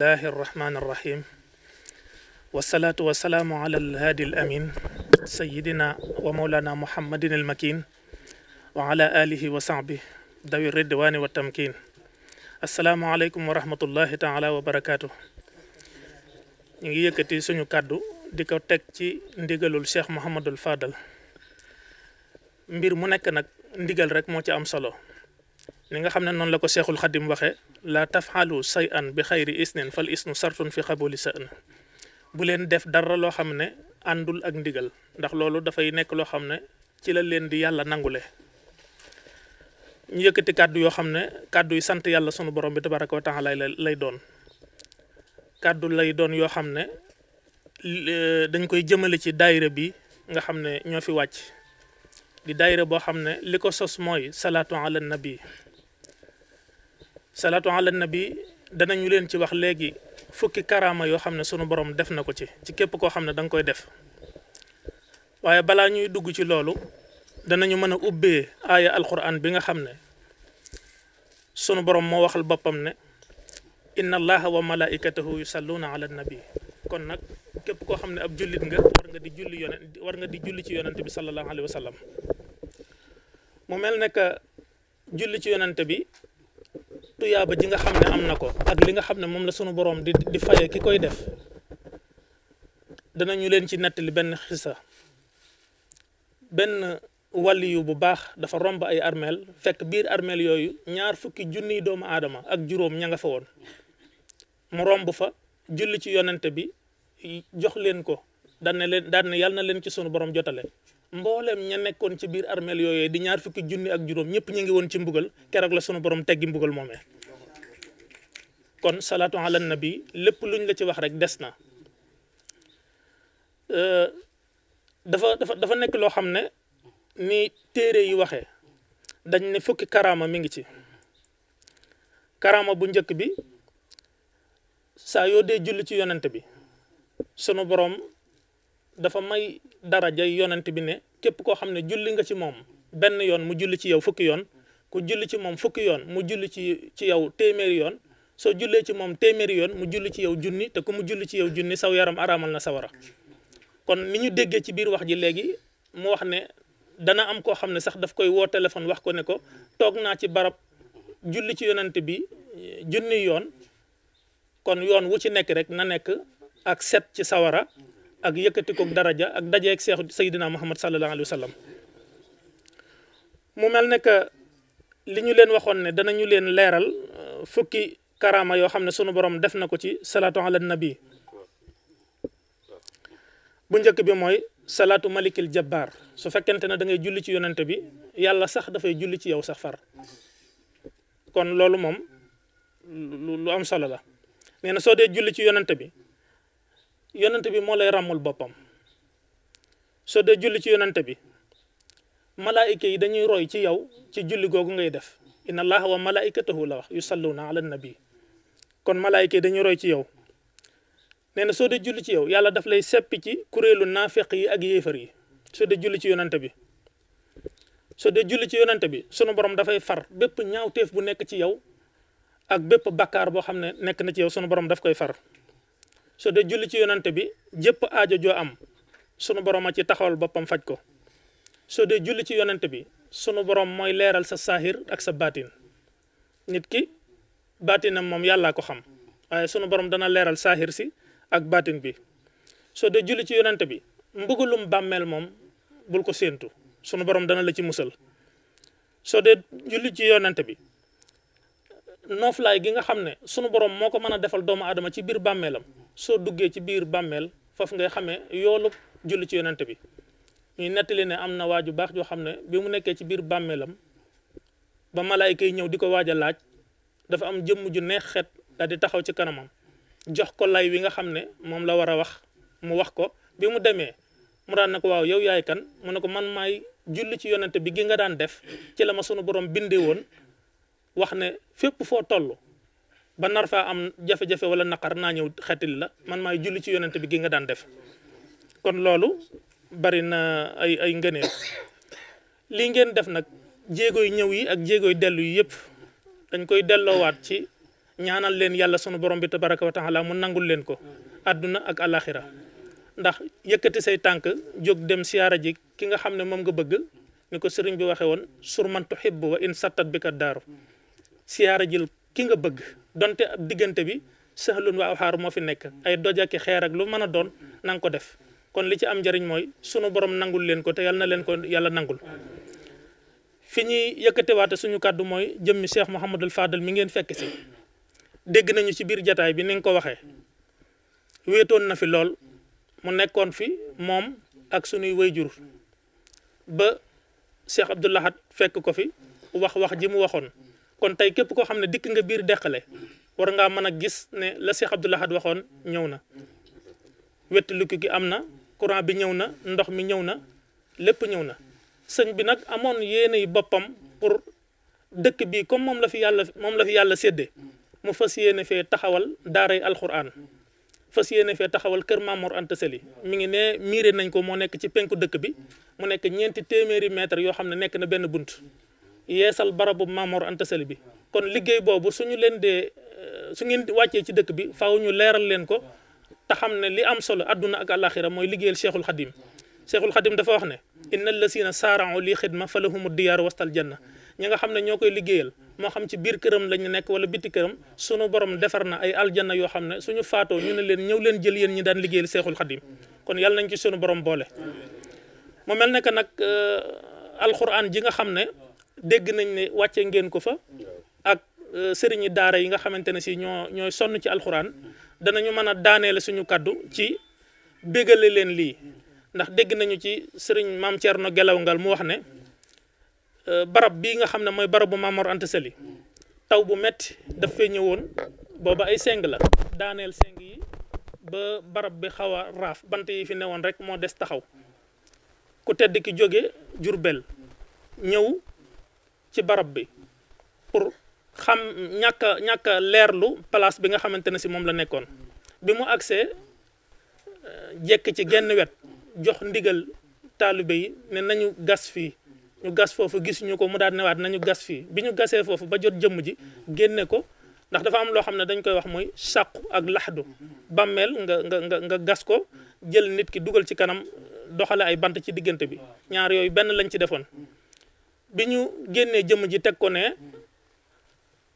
الله الرحمن الرحيم والصلاة والسلام على الهادي الأمين سيدنا ومولانا محمد المكين وعلى آله وصحبه ذوي الردوان والتمكين السلام عليكم ورحمة الله تعالى وبركاته نيجي يكتي سونو كادو ديكو تك سي ndigalul cheikh mohamadul fadal mbir mu nek nak ndigal rek mo ci am solo li nga xam ne noonu la ko seexul xadim waxee la tafxalu say an bi xayri isnin fal is isnu sartun fi xaboli sa an bu leen def dara loo xam ne àndul ak ndigal ndax loolu dafay nekk loo xam ne ci la leen di yàlla nangule ñu yëkkati kàddu yoo xam ne kàddu yi sant yàlla sunu borom bi tabaraka wa la lay doon kàddu lay doon yoo xam ne dañ koy jëmale ci daayira bi nga xam ne ñoo fi wàcc di daayira boo xam ne li ko sos mooy salaatu ala nabi salaatu ala nabi ñu leen ci wax léegi fukki karaama yoo xam ne sunu boroom def na ko ci ci képp koo xam ne danga koy def waaye balaa ñuy dugg ci loolu danañu mën a ubbee aaya alquran bi nga xam ne sunu borom moo waxal boppam ne inna allaha wa malaikatahu yusalluuna ala nabi kon nag képp koo xam ne ab jullit nga war nga di julli yonent war nga di julli ci yonent bi sallallahu alayhi wa sallam mu mel ne julli ci yonent bi tuyaaba ji nga xam ne am na ko ak li nga xam ne moom la sunu borom di di faye ki koy def danañu leen ci nettali benn xisa benn waliyu bu baax dafa romb ay armeel fekk biir armeel yooyu ñaar fukki junniy doomu aadama ak juróom ña nga fa woon mu romb fa julli ci yonente bi jox leen ko dana leen daan na yàlla na leen ci sunu borom jotale mboolem ña nekkoon ci biir armeel yooyu di ñaar fukki junni ak juróom ñëpp ñu ngi woon ci mbugal keroog la sunu borom teggi mbugal moomee kon salaatu ala nabi lépp luñ la ci wax rek des na euh, dafa dafa dafa nekk loo xam ne ni téere yi waxee dañ ne fukki karaama mi ngi ci karaama bu njëkk bi saa yoo dee julli ci yonent bi sunu boroom dafa may daraja yonent bi ne képp koo xam ne julli nga ci moom benn yoon mu julli ci yow fukki yoon ku julli ci moom fukki yoon mu julli ci ci yow téeméeri yoon soo jullee ci moom téeméeri yoon mu julli ci yow junni te ku mu julli ci yow junni saw yaram araamal na sawara kon ni ñu déggee ci biir wax ji léegi mu wax ne dana am koo xam ne sax daf koy woo téléphone wax ko ne ko toog naa ci barab julli ci yonent bi junni yoon kon yoon wu ci nekk rek na nekk ak set ci sawara ak yëkkati koog daraja ak dajeeg seexu Seydina Muhammad sallallahu alayhi wa sallam mu mel ne li ñu leen waxoon ne danañu leen leeral euh, fukki karaama yoo xam ne sunu borom def na ko ci salaatu ala nabi bu njëkk bi mooy salaatu malikil jabaar su fekkente ne da ngay julli ci yonent bi yàlla sax dafay julli ci yow sax far kon loolu moom lu am solo la nee na soo dee julli ci yonent bi yonante bi moo lay ràmmul boppam soo dee julli ci yonent bi malaayika yi dañuy roy ci yow ci julli googu ngay def inna allaha wa malaikatahu la wax yusalluna ala nabi kon malaayika yi dañuy roy ci yow nee na soo dee julli ci yow yàlla daf lay seppi ci kuréelu naafeq yi ak yéefar yi soo dee julli ci yonent bi soo dee julli ci yonent bi sunu borom dafay far bépp ñaawteef bu nekk ci yow ak bépp bakkaar boo xam ne nekk na ci yow sunu borom daf koy far soo dee julli ci yonante bi jépp aajo joo am sunu borom a ci taxawal boppam faj ko soo dee julli ci yonante bi sunu boroom mooy leeral sa saahir ak sa baatin nit ki baatinam moom yàllaa ko xam waaye sunu borom dana leeral saahir si ak baatin bi soo dee julli ci yonante bi mbugalum bàmmeel moom bul ko séentu sunu borom dana la ci musal soo dee julli ci yonante bi nooflaay gi nga xam ne sunu borom moo ko mën a defal doomu aadama ci biir bàmmeelam soo duggee ci biir bàmmeel foofu ngay xamee yoolu julli ci yonent bi ñuy nettali ne am na waaju baax joo xam ne bi mu nekkee ci biir bàmmeelam ba malaay yi ñëw di ko waaja laaj dafa am jëmm ju neex xet daal di taxaw ci kanamam jox ko lay wi nga xam ne moom la war a wax mu wax ko bi mu demee mu daan na ko waaw yow yaay kan mu ne ko man may julli ci yonent bi gi nga daan def ci la ma sunu borom bindee woon wax ne fépp foo toll ba nar faa am jafe-jafe wala naqar naa ñëw xetil la man maay julli ci yonent bi gi nga daan def kon loolu bari na ay ay ngëneel lii ngeen def nag jéegoy ñëw yi ak jéegoy dellu yi yëpp dañ koy delloowaat ci ñaanal leen yàlla sunu borom bi tabaraka wa taala mu nangul leen ko àdduna ak alaxira ndax yëkkati say tànk jóg dem siyaara ji ki nga xam ne moom nga bëgg ni ko sëriñ bi waxe woon surmantu xibbu wa in sattat bi kat daaru siyaara jël ki nga bëgg donte diggante bi saxlun waa xaar moo fi nekk ay dojaki xeer ak lu mën a doon na ko def kon li ci am njariñ mooy sunu borom nangul leen ko te yàlla na leen ko yàlla nangul fi ñuy yëkkatewaate suñu kàddu mooy jëmmi seex Mouhamadul Fadal mi ngeen fekk si dégg nañu ci biir jataay bi ni ko waxee wéetoon na lool mu nekkoon fi moom ak sunuy wayjur ba Cheikh Abdoul fekk ko fi wax wax ji mu waxoon kon tey képp koo xam ne dikk nga biir deqale war ngaa mën a gis ne la Cheikh Abdoul Ahad waxoon ñëw na wetti lukki gi am na courant bi ñëw na ndox mi ñëw na lépp ñëw na sëñ bi nag amoon yéene yi boppam pour dëkk bi comme moom la fi yàlla moom la fi yàlla séddee mu fas yéene fee taxawal daaray alxuraan fas yéene fee taxawal kër Mamor Anta Sali mi ngi ne miire nañ ko moo nekk ci penku dëkk bi mu nekk ñeenti téeméeri mètre yoo xam ne nekk na benn bunt yeesal barabu Mamor Anta Sali bi kon liggéey boobu suñu leen dee eh, su ngeen wàccee ci dëkk bi faaw ñu leeral leen ko te ne li am solo adduna ak àllaaxira mooy liggéeyal cheikhul xadim cheikhul xadim dafa wax ne inna lasina saarao li xidma fa lahumu diyaaru wastal janna ñi nga xam ne ñoo koy liggéeyal moo xam ci biir këram la ñu nekk wala bitti këram sunu borom defar na ay aljanna yoo xam ne suñu faatoo ñu ne leen ñëw leen jël yéen ñi daan liggéeyal cheikhul xadim kon yàlla nañ ci sunu borom boole mu mel ne que nag eh, alquran ji dégg nañ ne wàcce ngeen ko fa ak euh, sëriñi daara yi nga xamante ne si ñoo ñooy sonn ci alxuraan danañu mën a daaneele suñu kàddu ci bégale leen lii ndax dégg nañu ci sëriñ maam Thierno Gelaw Ngal mu wax ne euh, barab bii nga xam ne mooy barabu Mamor Anta Sali taw bu metti daf fee woon booba ay seng la daaneel seng yi ba barab bi xaw a raaf bant yi fi newoon rek moo des taxaw ku tedd ki jóge Jurbel ñëw ci barab bi pour xam ñàkk a ñàkk leerlu place bi nga xamante ne si moom la nekkoon bi mu agsee euh, jekk ci genn wet jox ndigal taalibe yi ne nañu gas fii ñu gas foofu gisuñu ko mu daal newaat nañu gas fii bi ñu gasee foofu ba jot jëmm ji génne ko ndax dafa am loo xam ne dañ koy wax muy sàqu ak laxdu bàmmeel nga nga nga nga gas ko jël nit ki dugal ci kanam doxale ay bant ci diggante bi ñaar yooyu benn lañ ci defoon bi ñu génnee jëmm ji teg ko ne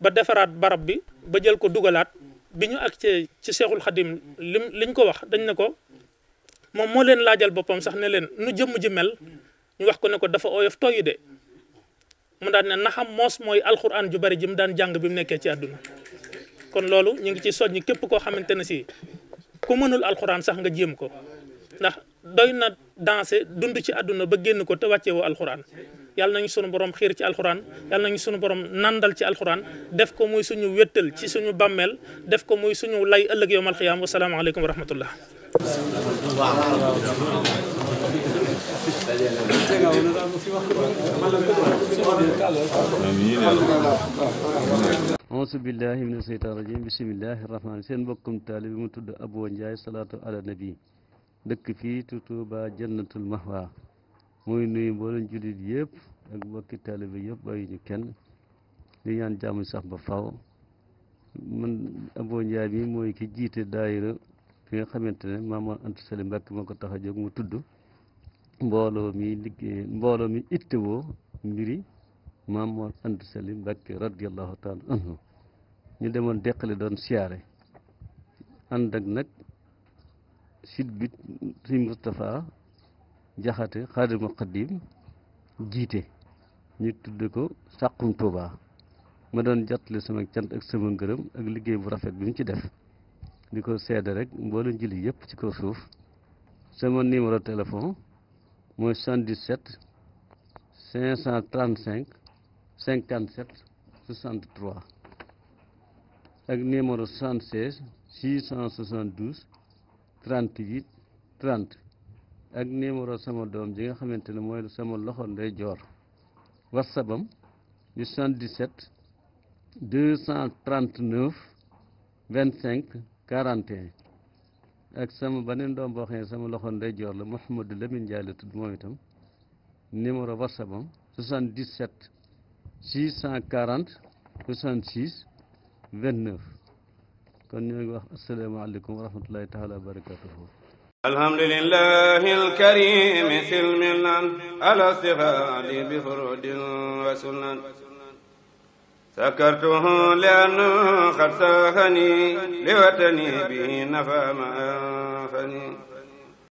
ba defaraat barab bi ba jël ko dugalaat bi ñu agsee ci seexul li lim liñ ko wax dañ ne ko moom moo leen laajal boppam sax ne leen nu jëmm ji mel ñu wax ko ne ko dafa oyof tooy de mu daan ne naxam moos mooy alxuraan ju bari ji daan jàng bi mu nekkee ci àdduna kon loolu ñu ngi ci soññi képp koo xamante ne si ku mënul alxuraan sax nga jéem ko ndax doy na danse dund ci àdduna ba génn ko te wàcceewoo alxuraan yàlla nañu sunu borom xiir ci alxuraan yàlla nañu sunu borom nandal ci alxuraan def ko muy suñu wéttal ci suñu bàmmeel def ko muy suñu lay ëllëg yowmal xiyaam wa salaamu aleykum wa seen mbokkum bi mu tudd Abo Ndiaye salaatu ala dëkk fii mooy nuyu mboolem jullit yëpp ak mbokki taalibe yëpp bàyyi ñu kenn di ñaan jàmm sax ba faw man Abo Ndiaye bi mooy ki jiite daayira fi nga xamante ne Maam Anta Sali Mbàkke moo ko tax a jóg mu tudd mbooloo mi liggéey mbooloo mi ittewoo mbiri Maam Anta Sali Mbàkke radiyallahu taala anhu ñu demoon deqale doon siyaare ànd ak nag sit bi Sëñ Moustapha jaxate xaadimu xaddim jiite ñu tudd ko Saxum Touba ma doon jottali sama cant ak sama ngërëm ak liggéey bu rafet bi mu ci def di ko seede rek mboole jullit yëpp ci kaw suuf sama numéro téléphone mooy 77 535 57 63 ak numéro 76 672 38 30 ak numéro sama doom ji nga xamante ne mooy sama loxo ndey joor whatsapp am di 77 239 25 41 ak sama neen doom boo xam sama loxo ndey joor la Mouhamadou Lamine Ndiaye la tudd moom itam numéro whatsapp am 77 640 66 29 kon ñoo ngi wax asalaamaaleykum wa rahmatullahi taala wa barakatuhu الحمد لله الكريم سلمنا على استغال بفرود وسنن سكرته لأنه قد ساخني لوطني به نفى ما أنفني